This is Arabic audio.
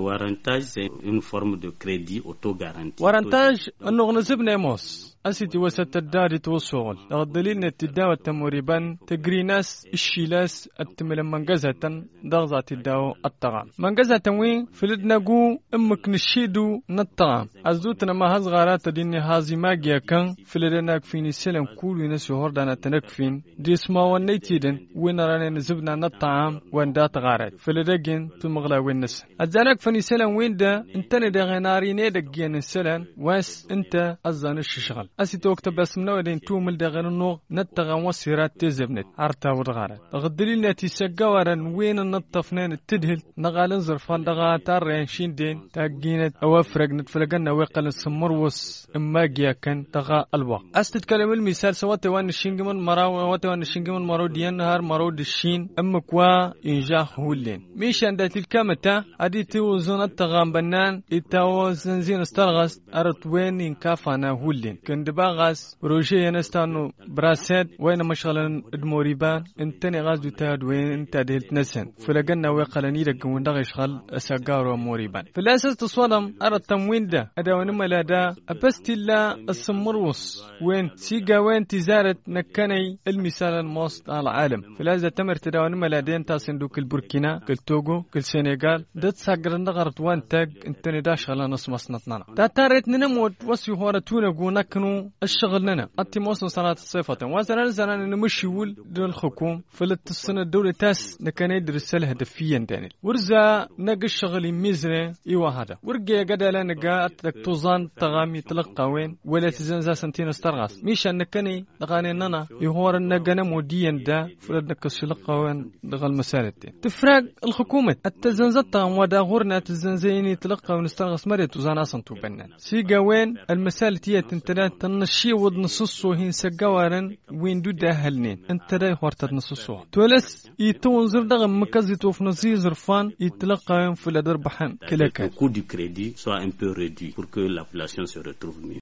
Warantage, c'est une forme de crédit autogaranti. Warantage, an noxna sib nemos. أسيتي وسط الدار توصول لغدلين التداوة تموريبان تقري ناس الشيلاس التمل منقزة دغزة الداو الطغام منقزة تنوي فلدنا قو أمك نشيدو نطغام أزدوتنا ما هزغارات ديني هازي ماجيا كان فلدنا كفين السلم كل ناس هردنا تنكفين دي اسما ونيتيدن وين راني نزبنا نطعام وين دات غارات فلدقين تمغلا وين نس أزانك فني سلم وين دا انتنا دا غناري نيدك جين السلم واس انت أزان الشغل أسيت وقت بس منا ولين تو مل دغن النوغ نتغن وسيرات تزبنت عرتا ودغارة غدليل ناتي سقا ورن وين نطفنان تدهل نغال زرفان دغا تارين شين دين تاقينت أوافرق نتفلقن ويقل السمر وس إما جيا كان دغا الوقت أستتكلم المثال سوا توان الشينجمن مراو وتوان الشينجمن مرو ديان نهار مرو دشين أم كوا إنجا هولين ميش عند تلك متى أدي توزن التغام بنان إتاو زنزين استرغس أرتوين إنكافانا هولين كند دباغاس بروشي ينستانو براسات وين مشغلن ادموري با انتني غاز دو تاد وين انت دهلت نسن فلقنا ويقلني وين دغ يشغل اساقارو با فلاساس تصولم ارى التموين دا ادوان ملا دا ابستي لا السمروس وين سيقا وين تزارت نكني المثال الموسط على العالم فلازا تمر تداون ملا دين تا صندوق البوركينا كل توغو كل سينيغال دت ساقرن دغرت وان تاق انتني دا شغلا نص مصنطنا تا تاريت ننمو وسي هورا تونغو نكنو الشغل لنا موسم صناعة الصيفة وزنا زنا نمشي ول للحكوم فلت السنة الدولة تاس نكن يدرس لها دفيا داني ورزا نقش الشغل ميزرة إيوا هذا ورجع قد لا نقى توزان تغامي تلقى وين ولا تزنزا سنتين استرغاس مش نكني لغاني ننا يهور نقنا موديا دا فلد نكس لقى وين دغل مسالة تفرق الحكومة تغام ودا غورنا تزنزيني تلقى ونسترغس مريت وزان اصلا توبنا سيقا وين المسالة تنتلات تنشي ود نصصو هين سقوارن وين دو داهلنين انت داي هورتا نصصو تولس يتون زر دغم مكازي توف نصي زرفان يتلقى في لدر بحان كلاكا كو دو كريدي سوا ان بو ريدي بور كو لا بولاسيون مي